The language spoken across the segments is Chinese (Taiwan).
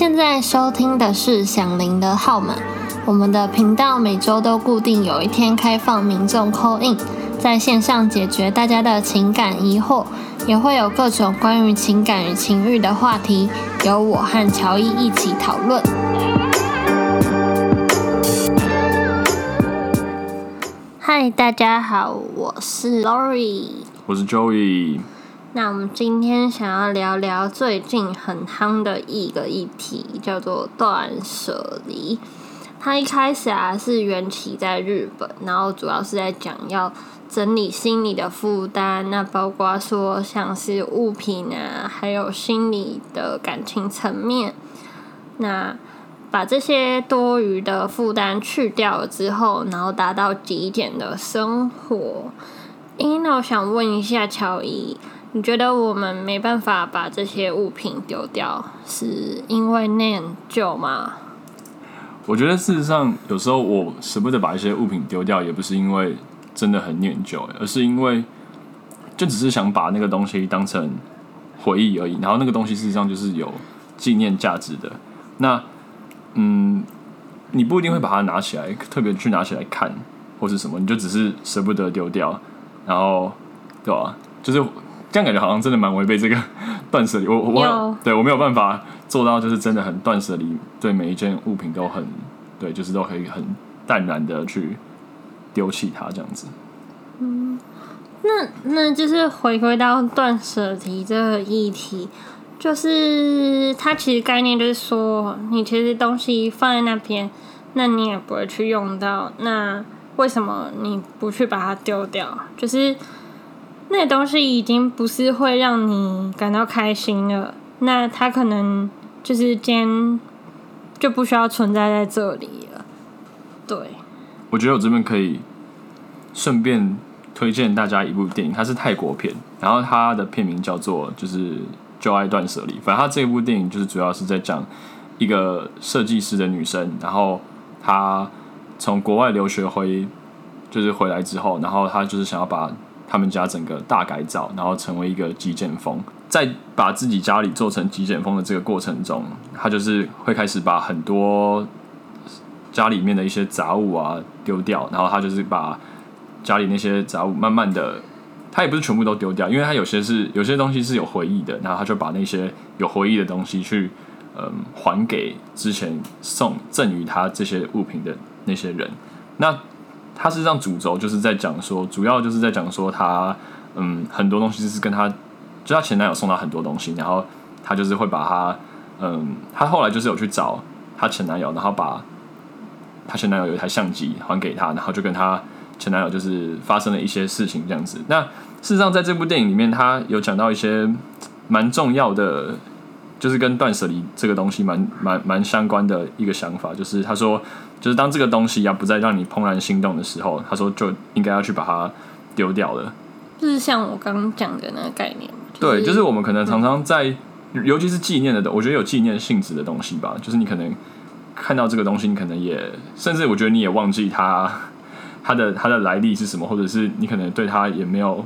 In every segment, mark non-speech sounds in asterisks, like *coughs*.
現在收聽的是響鈴的號碼。我們的頻道每周都固定有一天開放民眾 call in，在線上解決大家的情感疑惑，也會有各種關於情感與情慾的話題，由我和喬伊一起討論。嗨，大家好，我是 Lori。我是 Joey。那我們今天想要聊聊最近很夯的一個議題，叫做斷捨離。它一開始啊是源起在日本，然後主要是在講要整理心理的負擔，那包括說像是物品啊，還有心理的感情層面。那把這些多餘的負擔去掉了之後，然後達到極簡的生活。欸，那我想問一下喬伊。你覺得我們沒辦法把這些物品丟掉，是因為念舊嗎？我覺得事實上，有時候我捨不得把一些物品丟掉，也不是因為真的很念舊、欸，而是因為就只是想把那個東西當成回憶而已。然後那個東西事實上就是有紀念價值的。那嗯，你不一定會把它拿起來，嗯、特別去拿起來看或是什麼，你就只是捨不得丟掉，然後對吧、啊，就是。這樣感覺好像真的蠻違背這個斷捨離。我，我有我，對，我沒有辦法做到，就是真的很斷舍離，對每一件物品都很，對，就是都可以很淡然的去丟棄它這樣子。嗯，那那就是回歸到斷舍離這個議題，就是它其實概念就是說，你其實東西放在那邊，那你也不會去用到，那為什麼你不去把它丟掉？就是。那些東西已經不是會讓你感到開心了，那它可能就是今天就不需要存在在這裡了。對，我覺得我這邊可以順便推薦大家一部電影，它是泰國片，然後它的片名叫做就是《就愛斷捨離》。反正它這部電影就是主要是在講一個設計師的女生，然後她從國外留學回，就是回來之後，然後她就是想要把。他們家整個大改造，然後成為一個極簡風。在把自己家裡做成極簡風的這個過程中，他就是會開始把很多家裡面的一些雜物啊丟掉，然後他就是把家裡那些雜物慢慢的，他也不是全部都丟掉，因為他有些是有些東西是有回憶的，然後他就把那些有回憶的東西去，嗯，還給之前送贈予他這些物品的那些人。那他事實上主軸，就是在講說，主要就是在講說他，他嗯，很多東西是跟他就他前男友送他很多東西，然後他就是會把他嗯，他後來就是有去找他前男友，然後把他前男友有一台相機還給他，然後就跟他前男友就是發生了一些事情這樣子。那事實上，在這部電影裡面，他有講到一些蠻重要的。就是跟斷捨離這個東西蠻蠻蠻相關的一個想法，就是他說，就是當這個東西要、啊、不再讓你怦然心動的時候，他說就應該要去把它丟掉了。就是像我剛剛講的那個概念，就是、對，就是我們可能常常在，嗯、尤其是紀念的，我覺得有紀念性質的東西吧，就是你可能看到這個東西，你可能也甚至我覺得你也忘記它它的它的來歷是什麼，或者是你可能對它也沒有，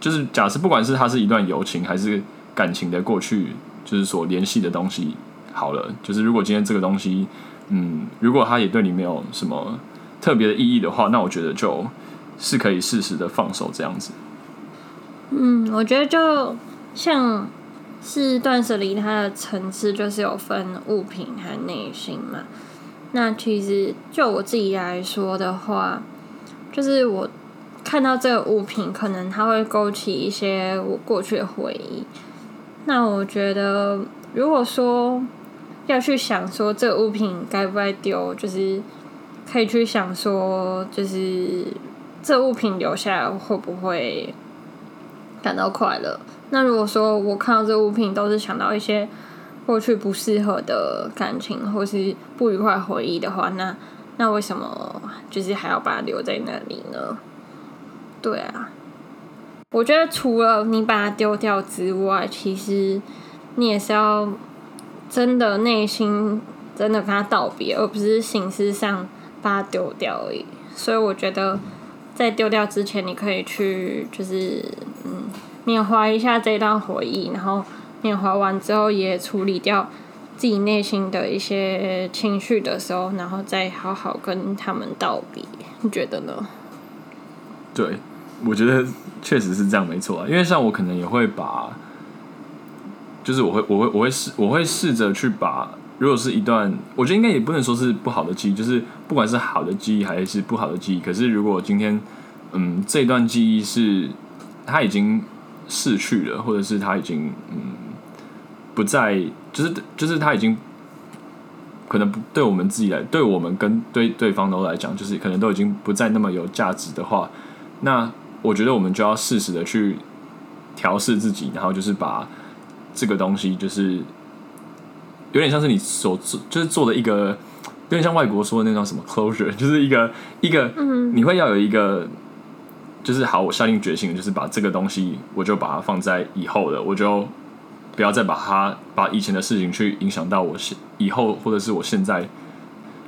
就是假設不管是它是一段友情還是感情的過去。就是所聯繫的東西好了，就是如果今天這個東西，嗯，如果它也對你沒有什麼特別的意義的話，那我覺得就是，是可以適時的放手這樣子。嗯，我覺得就像是斷捨離，它的層次就是有分物品和內心嘛。那其實就我自己來說的話，就是我看到這個物品，可能它會勾起一些我過去的回憶。那我覺得，如果說要去想說這物品該不該丟，就是可以去想說，就是這物品留下來會不會感到快樂？那如果說我看到這物品都是想到一些過去不適合的感情或是不愉快回憶的話，那那為什麼就是還要把它留在那裡呢？對啊。我覺得除了你把它丟掉之外，其實你也是要真的內心真的跟他道別，而不是形式上把它丟掉而已。所以我覺得在丟掉之前，你可以去就是嗯緬懷一下這一段回憶，然後緬懷完之後也處理掉自己內心的一些情緒的時候，然後再好好跟他們道別。你覺得呢？對。我覺得確實是這樣，沒錯啊。因為像我可能也會把，就是我會我會我會試我會試着去把，如果是一段，我覺得應該也不能說是不好的記憶，就是不管是好的記憶還是不好的記憶，可是如果今天，嗯，這段記憶是它已經逝去了，或者是它已經嗯不再，就是就是它已經可能不對我們自己來，對我們跟對對方都來講，就是可能都已經不再那麼有價值的話，那。我覺得我們就要適時的去調適自己，然後就是把這個東西，就是有點像是你所做就是做的一個，有點像外國說的那種什麼 closure，就是一個一個，你會要有一個，就是好，我下定決心，就是把這個東西，我就把它放在以後的，我就不要再把它把以前的事情去影響到我現以後，或者是我現在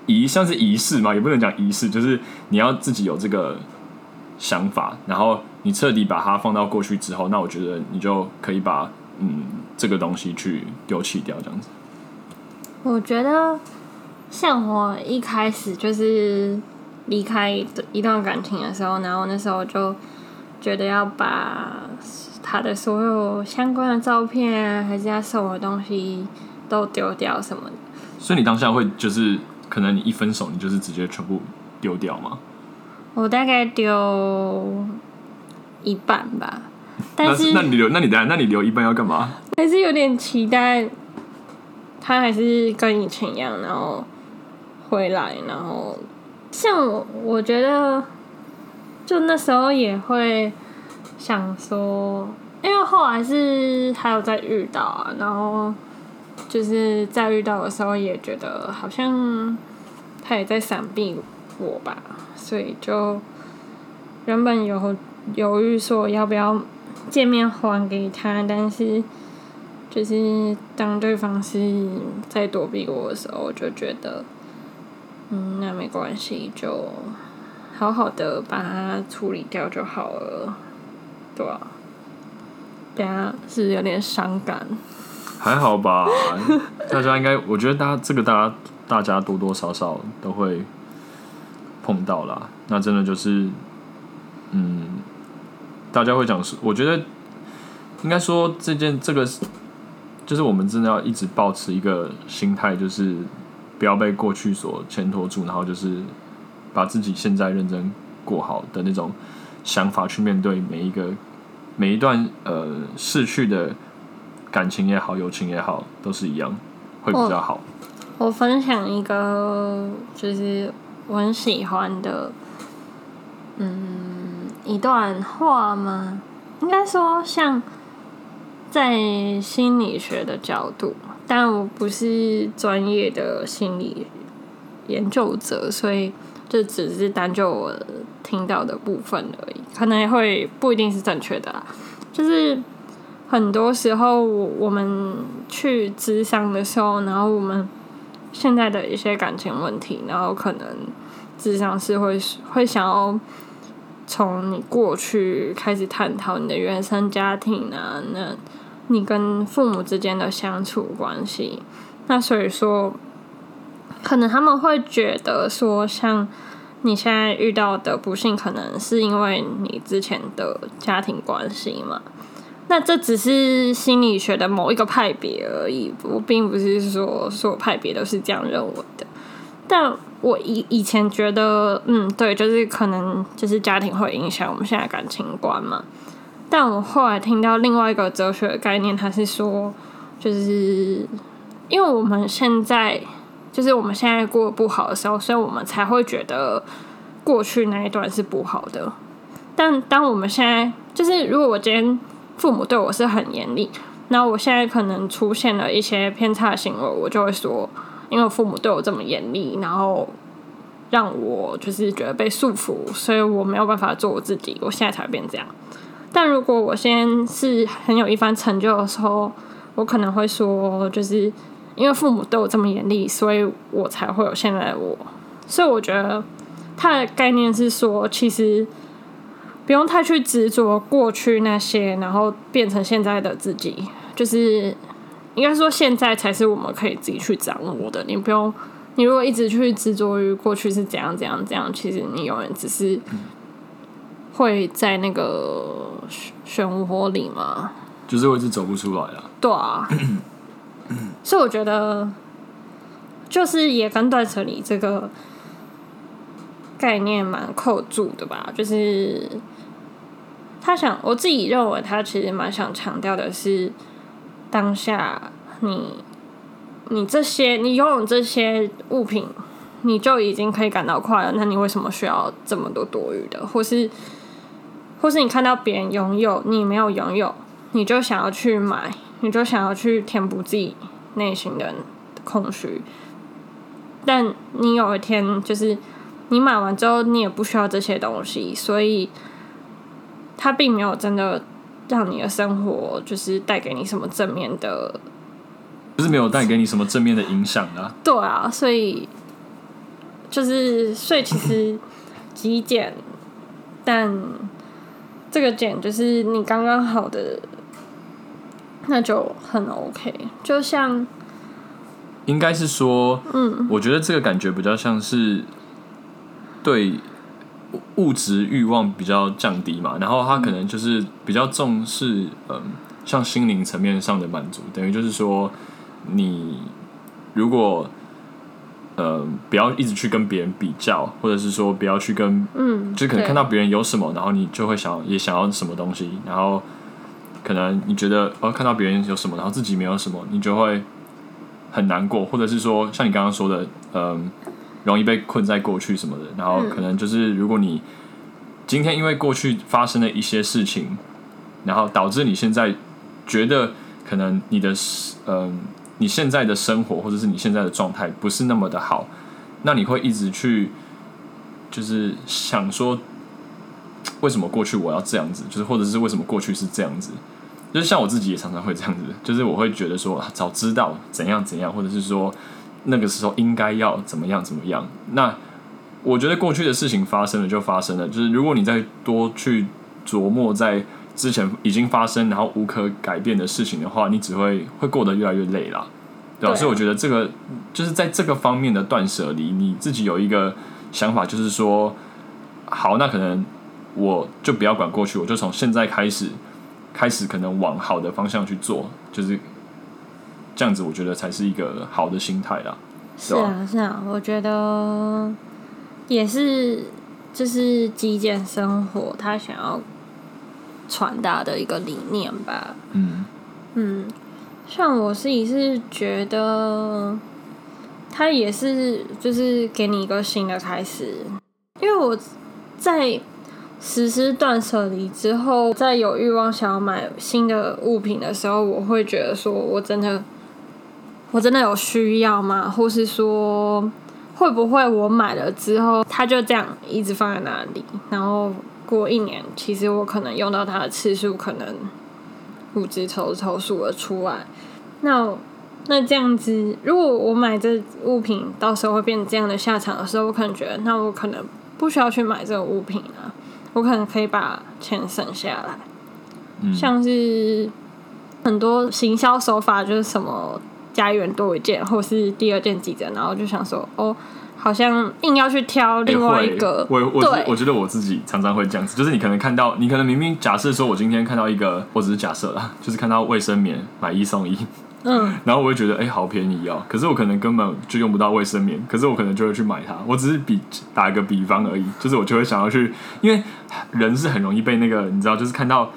儀像是儀式嘛，也不能講儀式，就是你要自己有這個。想法，然後你徹底把它放到過去之後，那我覺得你就可以把嗯這個東西去丟棄掉，這樣子。我覺得像我一開始就是離開一,一段感情的時候，然後那時候就覺得要把他的所有相關的照片啊，還是他的所有東西都丟掉什麼的。所以你當下會就是可能你一分手，你就是直接全部丟掉嗎？我大概丟一半吧，但是那你留，那你那那你留一半要幹嘛？還是有點期待，他還是跟以前一樣，然後回來，然後像我覺得，就那時候也會想說，因為後來是還有再遇到啊，然後就是在遇到的時候也覺得好像他也在閃避我吧。所以就原本有猶豫說要不要見面還給他，但是就是當對方是在躲避我的時候，我就覺得嗯，那沒關係，就好好的把它處理掉就好了，對吧？對啊，等下是，是有點傷感，還好吧？ *laughs* 大家應該，我覺得大家這個，大家大家多多少少都會。碰到啦，那真的就是，嗯，大家會講是，我覺得應該說這件這個，就是我們真的要一直保持一個心態，就是不要被過去所牽拖住，然後就是把自己現在認真過好的那種想法去面對每一個每一段呃逝去的感情也好，友情也好，都是一樣，會比較好。我，我分享一個就是。我很喜歡的，嗯，一段話嗎？應該說，像在心理學的角度，但我不是專業的心理研究者，所以這只是單就我聽到的部分而已，可能會不一定是正確的啦。就是很多時候我們去只想的時候，然後我們。現在的一些感情問題，然後可能，至少是會會想要從你過去開始探討你的原生家庭啊，那你跟父母之間的相處關係。那所以說，可能他們會覺得說，像你現在遇到的不幸，可能是因為你之前的家庭關係嘛。那這只是心理學的某一個派別而已，我並不是說所有派別都是這樣認為的。但我以以前覺得，嗯，對，就是可能就是家庭會影響我們現在的感情觀嘛。但我後來聽到另外一個哲學的概念，他是說，就是因為我們現在就是我們現在過得不好的時候，所以我們才會覺得過去那一段是不好的。但當我們現在就是如果我今天父母對我是很嚴厲，那我現在可能出現了一些偏差行為，我就會說，因為父母對我這麼嚴厲，然後讓我就是覺得被束縛，所以我沒有辦法做我自己，我現在才會變這樣。但如果我先是很有一番成就的時候，我可能會說，就是因為父母對我這麼嚴厲，所以我才會有現在的我。所以我覺得他的概念是說，其實。不用太去執着過去那些，然後變成現在的自己，就是應該說現在才是我們可以自己去掌握的。你不用，你如果一直去執着於過去是怎樣怎樣怎樣，其實你永遠只是會在那個漩渦裡嘛，就是我一直走不出來啊。對啊， *coughs* 所以我覺得就是也跟斷舍離這個概念蠻扣住的吧，就是。他想，我自己認為，他其實蠻想強調的是，當下你、你這些、你擁有這些物品，你就已經可以感到快樂。那你為什麼需要這麼多多餘的？或是，或是你看到別人擁有，你沒有擁有，你就想要去買，你就想要去填補自己內心的空虛。但你有一天，就是你買完之後，你也不需要這些東西，所以。它並沒有真的讓你的生活就是帶給你什麼正面的，不是沒有帶給你什麼正面的影響啊。對啊，所以就是說其實極簡， *coughs* 但這個簡就是你剛剛好的，那就很 OK。就像應該是說，嗯，我覺得這個感覺比較像是對。物質慾望比較降低嘛，然後他可能就是比較重視，嗯，像心靈層面上的滿足，等於就是說，你如果，嗯，不要一直去跟別人比較，或者是說不要去跟，嗯，就可能看到別人有什麼，對然後你就會想也想要什麼東西，然後，可能你覺得哦，看到別人有什麼，然後自己沒有什麼，你就會很難過，或者是說像你剛剛說的，嗯。容易被困在過去什麼的，然後可能就是，如果你今天因為過去發生了一些事情，然後導致你現在覺得可能你的嗯，你現在的生活或者是你現在的狀態不是那麼的好，那你會一直去就是想說為什麼過去我要這樣子，就是或者是為什麼過去是這樣子，就是像我自己也常常會這樣子，就是我會覺得說早知道怎樣怎樣，或者是說。那個時候應該要怎麼樣？怎麼樣？那我覺得過去的事情發生了就發生了，就是如果你再多去琢磨在之前已經發生然後無可改變的事情的話，你只會會過得越來越累了，對吧？對，所以我覺得這個就是在這個方面的斷捨離，你自己有一個想法，就是說好，那可能我就不要管過去，我就從現在開始，開始可能往好的方向去做，就是。這樣子，我覺得才是一個好的心態啦。是啊，對吧？是啊，是啊，我覺得也是，就是極簡生活他想要傳達的一個理念吧。嗯嗯，像我自己是覺得，他也是就是給你一個新的開始。因為我在實施斷捨離之後，在有慾望想要買新的物品的時候，我會覺得說我真的。我真的有需要嗎？或是說，會不會我買了之後，它就這樣一直放在那裡？然後過一年，其實我可能用到它的次數可能，五隻頭頭數了出來。那那這樣子，如果我買這物品，到時候會變成這樣的下場的時候，我可能覺得，那我可能不需要去買這個物品了，我可能可以把錢省下來。嗯，像是很多行銷手法，就是什麼。加一元多一件，或是第二件幾折，然後就想說，哦，好像硬要去挑另外一個。欸、我我，對我，我覺得我自己常常會這樣子，就是你可能看到，你可能明明假設說，我今天看到一個，我只是假設啦，就是看到衛生棉買一送一，嗯，然後我會覺得，哎、欸，好便宜哦，可是我可能根本就用不到衛生棉，可是我可能就會去買它。我只是比打個比方而已，就是我就會想要去，因為人是很容易被那個，你知道，就是看到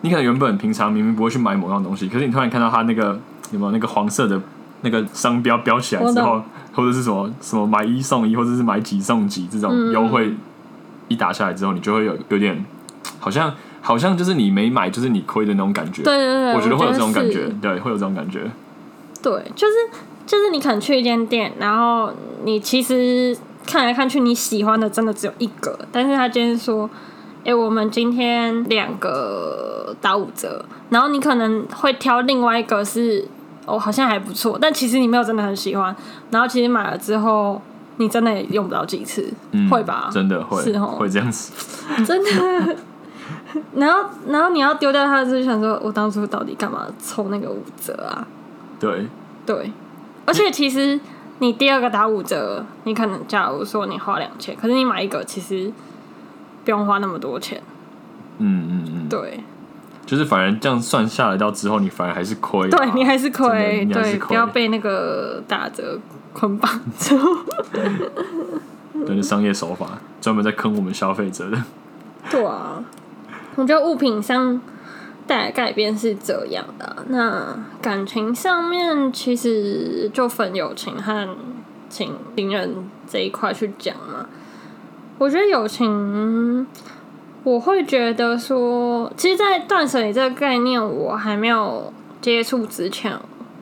你可能原本平常明明不會去買某種東西，可是你突然看到他那個。有沒有那個黃色的那個商標標起來之後，或者是什麼什麼買一送一，或者是買幾送幾這種優惠，一打下來之後，你就會有有點好像好像就是你沒買就是你虧的那種感覺。對對對，我覺得會有這種感覺，對，會有這種感覺。對，就是就是你可能去一間店，然後你其實看來看去你喜歡的真的只有一個，但是他今天說，哎，我們今天兩個打五折，然後你可能會挑另外一個是。哦，oh, 好像還不錯，但其實你沒有真的很喜歡。然後其實買了之後，你真的也用不了幾次，嗯、會吧？真的會，是吼會這樣子， *laughs* 真的。 *laughs* 然後，然後你要丟掉它的時候，想說我當初到底幹嘛抽那個五折啊？對對，而且其實你第二個打五折，你可能假如說你花兩千，可是你買一個其實不用花那麼多錢。嗯嗯嗯，對。就是，反而這樣算下來到之後，你反而還是虧。對，你還是虧，你是對，不要被那個打折捆綁住。 *laughs* 對，呵商業手法，專門在坑我們消費者的。對啊，我覺得物品上帶來改變是這樣的。那感情上面，其實就分友情和情情人這一塊去講嘛。我覺得友情，我會覺得說，其實，在斷捨離這個概念我還沒有接觸之前，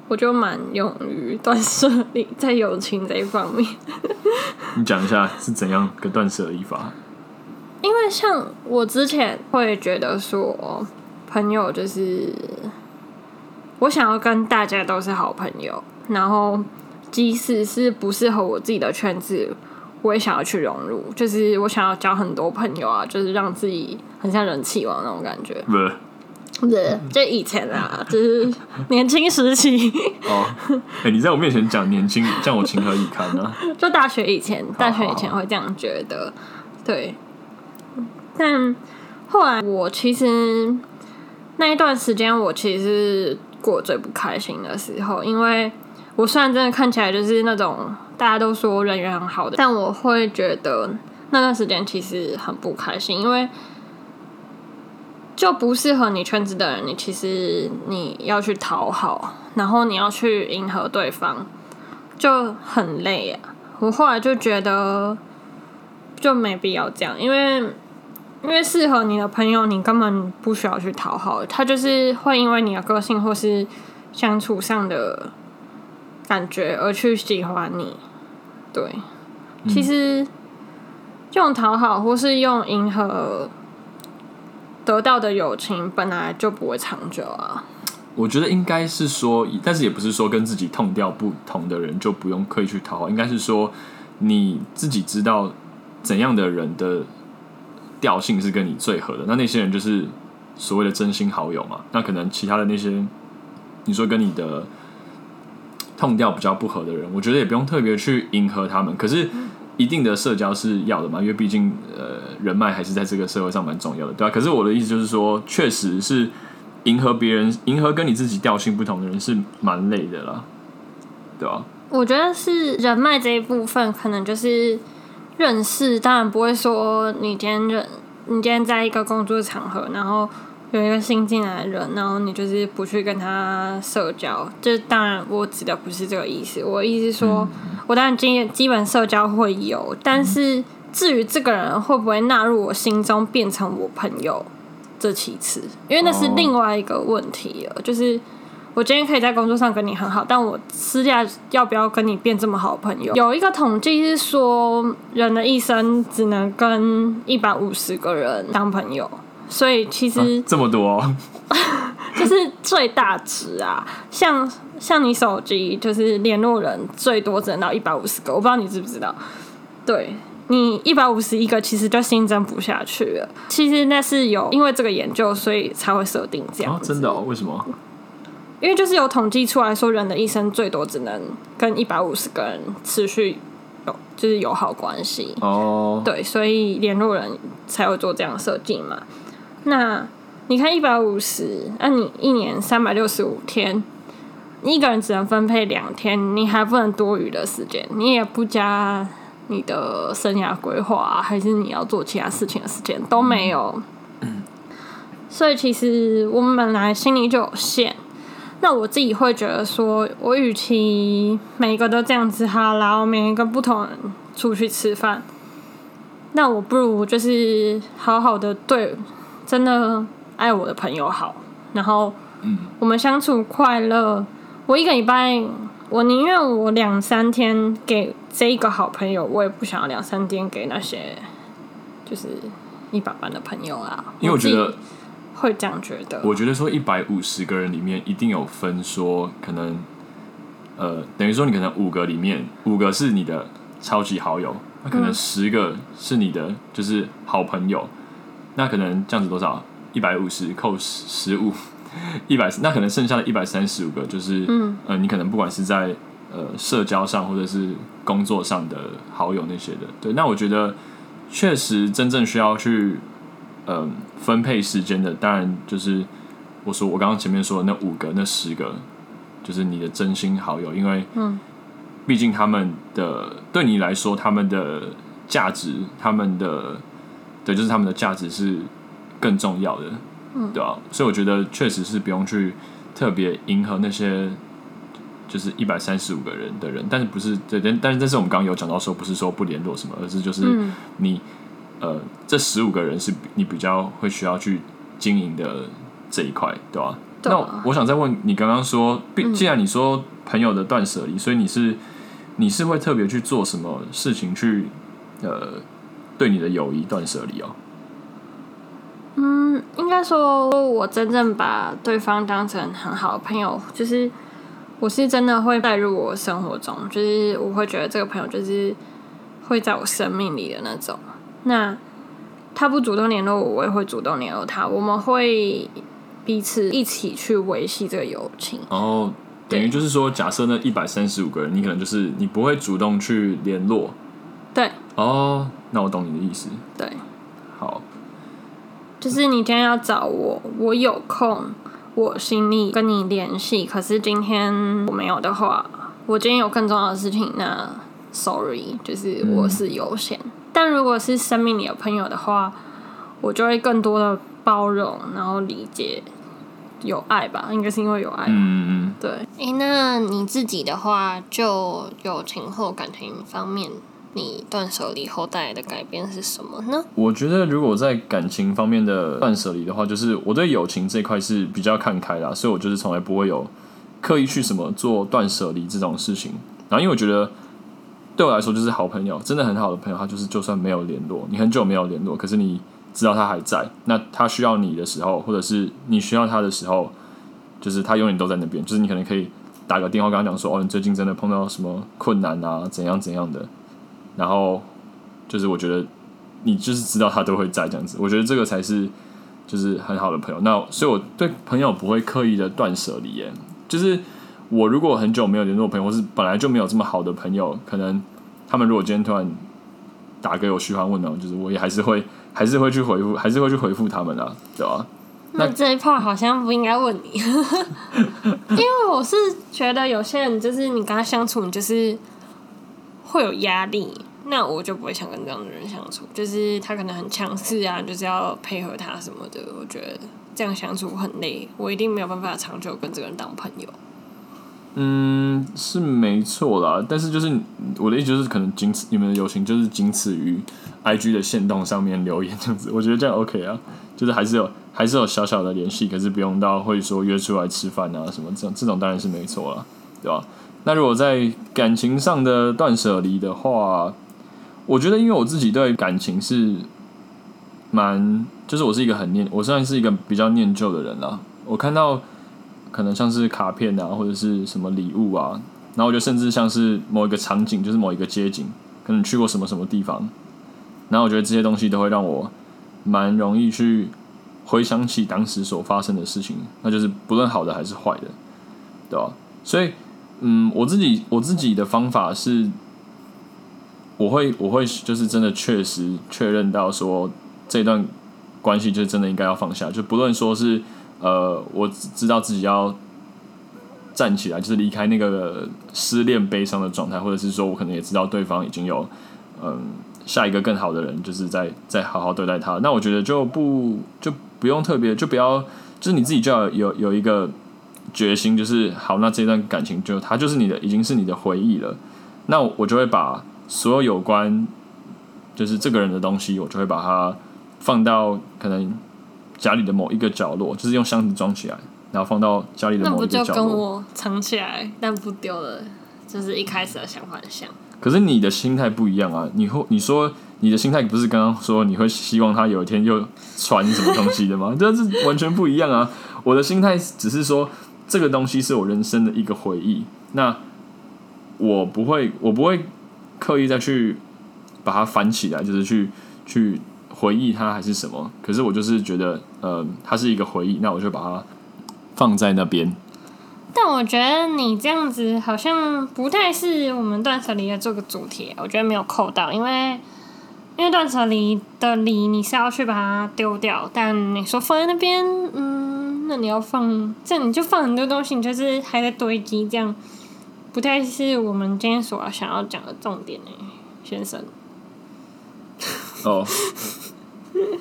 我就蠻勇於斷捨離在友情這一方面。 *laughs* 你講一下是怎樣個斷捨離法？ *laughs* 因為像我之前會覺得說，朋友就是我想要跟大家都是好朋友，然後即使是不適合我自己的圈子。我也想要去融入，就是我想要交很多朋友啊，就是讓自己很像人氣王那種感覺。不是，就以前啊，就是年輕時期。哦，哎，你在我面前講年輕，叫我情何以堪呢、啊？就大學以前，大學以前會這樣覺得，好好好對。但後來，我其實那一段時間，我其實過最不開心的時候，因為我雖然真的看起來就是那種。大家都說人緣很好的，但我會覺得那段時間其實很不開心，因為就不適合你圈子的人，你其實你要去討好，然後你要去迎合對方，就很累啊。我後來就覺得就沒必要這樣，因為因為適合你的朋友，你根本不需要去討好，他就是會因為你的個性或是相處上的。感覺而去喜歡你，對，嗯、其實用討好或是用迎合得到的友情本來就不會長久啊。我覺得應該是說，但是也不是說跟自己痛掉不同的人就不用刻意去討好。應該是說你自己知道怎樣的人的調性是跟你最合的，那那些人就是所謂的真心好友嘛。那可能其他的那些，你說跟你的。tone 調比較不合的人，我覺得也不用特別去迎合他們。可是，一定的社交是要的嘛，因為畢竟呃，人脈還是在這個社會上蠻重要的，對吧、啊？可是我的意思就是說，確實是迎合別人，迎合跟你自己調性不同的人是蠻累的啦，對吧、啊？我覺得是人脈這一部分，可能就是認識，當然不會說你今天認，你今天在一個工作場合，然後。有一個新進來的人，然後你就是不去跟他社交，這當然我指的不是這個意思。我的意思是說，我當然經驗基本社交會有，但是至於這個人會不會納入我心中變成我朋友，這其次，因為那是另外一個問題了。Oh. 就是我今天可以在工作上跟你很好，但我私下要不要跟你變這麼好朋友？有一個統計是說，人的一生只能跟一百五十個人當朋友。所以其實這麼多，就是最大值啊。像像你手機，就是聯絡人最多只能到一百五十個。我不知道你知不知道，對你一百五十一個，其實就新增不下去了。其實那是有因為這個研究，所以才會設定這樣。真的？哦？為什麼？因為就是有統計出來說，人的一生最多只能跟一百五十個人持續有就是友好關係。哦，對，所以聯絡人才會做這樣的設定嘛。那你看一百五十，那你一年三百六十五天，你一個人只能分配兩天，你還不能多餘的時間，你也不加你的生涯規劃啊，還是你要做其他事情的時間都沒有。嗯，所以其實我們本來心裡就有限。那我自己會覺得說，我與其每一個都這樣子哈，然後每一個不同人出去吃飯，那我不如就是好好的對。真的愛我的朋友好，然後我們相處快樂。嗯、我一個禮拜，我寧願我兩三天給這一個好朋友，我也不想要兩三天給那些就是一般般的朋友啊。因為我覺得我會這樣覺得。我覺得說一百五十個人裡面一定有分說，說可能呃，等於說你可能五個裡面五個是你的超級好友，那、啊、可能十個是你的就是好朋友。嗯那可能這樣子多少？一百五十扣十五，一百。那可能剩下的一百三十五個，就是嗯、呃，你可能不管是在呃社交上或者是工作上的好友那些的，對。那我覺得確實真正需要去嗯、呃、分配時間的，當然就是我說我剛剛前面說的那五個那十個，就是你的真心好友，因為嗯，畢竟他們的對你來說，他們的價值，他們的。對，就是他們的價值是更重要的，嗯、對啊，所以我覺得確實是不用去特別迎合那些就是一百三十五個人的人，但是不是這但但是這是我們剛剛有講到說，不是說不聯絡什麼，而是就是你、嗯、呃，這十五個人是你比較會需要去經營的這一塊，對吧？對那我想再問你，剛剛說，既然你說朋友的斷捨離，嗯、所以你是你是會特別去做什麼事情去呃？對你的友誼斷捨離哦。嗯，應該說，我真正把對方當成很好的朋友，就是我是真的會帶入我生活中，就是我會覺得這個朋友就是會在我生命裡的那種。那他不主動聯絡我，我也會主動聯絡他，我們會彼此一起去維繫這個友情。然後、哦、等於就是說，對假設那一百三十五個人，你可能就是你不會主動去聯絡。對。哦，oh, 那我懂你的意思。對，好，就是你今天要找我，我有空，我心裡跟你聯繫。可是今天我沒有的話，我今天有更重要的事情呢，那 sorry，就是我是優先。嗯、但如果是生命裡有朋友的話，我就會更多的包容，然後理解，有愛吧？應該是因為有愛。嗯嗯對。誒、欸，那你自己的話，就友情或感情方面。你斷捨離後帶來的改變是什麼呢？我覺得，如果在感情方面的斷捨離的話，就是我對友情這塊是比較看開的，所以我就是從來不會有刻意去什麼做斷捨離這種事情。然後，因為我覺得對我來說，就是好朋友，真的很好的朋友，他就是就算沒有聯絡，你很久沒有聯絡，可是你知道他還在。那他需要你的時候，或者是你需要他的時候，就是他永遠都在那邊。就是你可能可以打個電話跟他講說：“哦，你最近真的碰到什麼困難啊？怎樣怎樣的？”然後就是，我覺得你就是知道他都會在這樣子，我覺得這個才是就是很好的朋友。那所以我對朋友不會刻意的斷捨離耶。就是我如果很久沒有聯絡的朋友，或是本來就沒有這麼好的朋友，可能他們如果今天突然打給我噓寒問暖，就是我也還是會還是會去回復，還是會去回復他們的、啊，對吧、啊？那這一 part 好像不應該問你， *laughs* *laughs* 因為我是覺得有些人就是你跟他相處，你就是會有壓力。那我就不會想跟這樣的人相處，就是他可能很強勢啊，就是要配合他什麼的。我覺得這樣相處很累，我一定沒有辦法長久跟這個人當朋友。嗯，是沒錯啦，但是就是我的意思就是，可能僅你們的友情就是僅止於 I G 的限動上面留言這樣子。我覺得這樣 OK 啊，就是還是有還是有小小的聯繫，可是不用到會說約出來吃飯啊什麼這樣。這種當然是沒錯了，對吧、啊？那如果在感情上的斷捨離的話。我覺得，因為我自己對感情是，蠻，就是我是一個很念，我算是一個比較念舊的人啦，我看到，可能像是卡片啊，或者是什麼禮物啊，然後我覺得甚至像是某一個場景，就是某一個街景，可能去過什麼什麼地方，然後我覺得這些東西都會讓我蠻容易去回想起當時所發生的事情，那就是不論好的還是壞的，對吧？所以，嗯，我自己我自己的方法是。我會，我會就是真的確實確認到說，這段關係就真的應該要放下，就不論說是呃，我知道自己要站起來，就是離開那個失戀悲傷的狀態，或者是說我可能也知道對方已經有嗯下一個更好的人，就是在在好好對待他。那我覺得就不就不用特別，就不要就是你自己就要有有一個決心，就是好，那這段感情就他就是你的，已經是你的回憶了。那我就會把。所有有關就是這個人的東西，我就會把它放到可能家裡的某一個角落，就是用箱子裝起來，然後放到家裡的某一個角落。那不就跟我藏起來但不丟了，就是一開始的想法很像。可是你的心態不一樣啊！你會你說你的心態不是剛剛說你會希望他有一天又穿什麼東西的嗎？這 *laughs* 是完全不一樣啊！我的心態只是說這個東西是我人生的一個回憶，那我不會，我不會。刻意再去把它翻起來，就是去去回憶它還是什麼？可是我就是覺得，呃，它是一個回憶，那我就把它放在那邊。但我覺得你這樣子好像不太是我們斷捨離的這個主題，我覺得沒有扣到，因為因為斷捨離的離你是要去把它丟掉，但你說放在那邊，嗯，那你要放，這你就放很多東西，你就是還在堆積這樣。不太是我們今天所要想要講的重點呢，先生。哦，oh,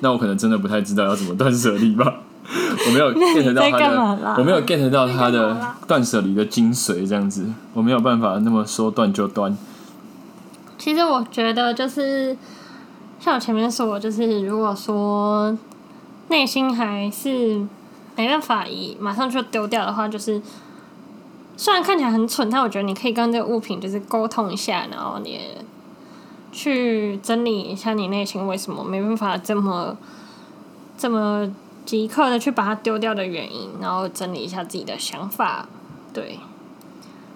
*laughs* 那我可能真的不太知道要怎麼斷捨離吧。 *laughs* 我沒有 get 到他的，我沒有 get 到他的斷捨離的精髓，這樣子我沒有辦法那麼說斷就斷。其實我覺得就是像我前面說的，就是如果說內心還是沒辦法以馬上就丟掉的話，就是。雖然看起來很蠢，但我覺得你可以跟這個物品就是溝通一下，然後你去整理一下你內心為什麼沒辦法這麼這麼即刻的去把它丟掉的原因，然後整理一下自己的想法。對，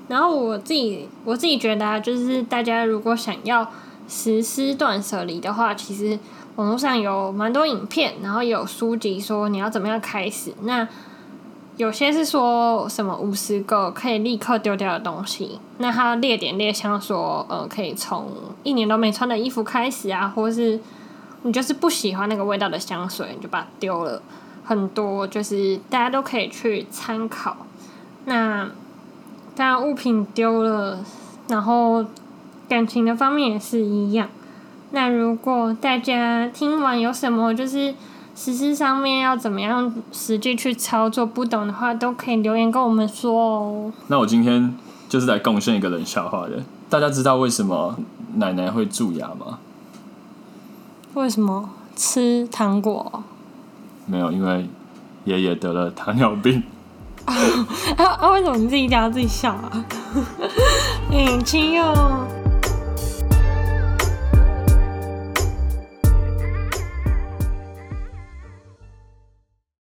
然後我自己我自己覺得啊，就是大家如果想要實施斷捨離的話，其實網絡上有蠻多影片，然後有書籍說你要怎麼樣開始那。有些是說什麼五十個可以立刻丟掉的東西，那它列點列項說，呃，可以從一年都沒穿的衣服開始啊，或是你就是不喜歡那個味道的香水，你就把它丟了。很多就是大家都可以去參考。那，當然物品丟了，然後感情的方面也是一樣。那如果大家聽完有什麼就是。實施上面要怎麼樣實際去操作，不懂的話都可以留言跟我們說哦。那我今天就是來貢獻一個冷笑話的。大家知道為什麼奶奶會蛀牙嗎？為什麼？吃糖果？沒有，因為爺爺得了糖尿病。啊啊，啊！為什麼你自己講自己笑啊？眼睛喲。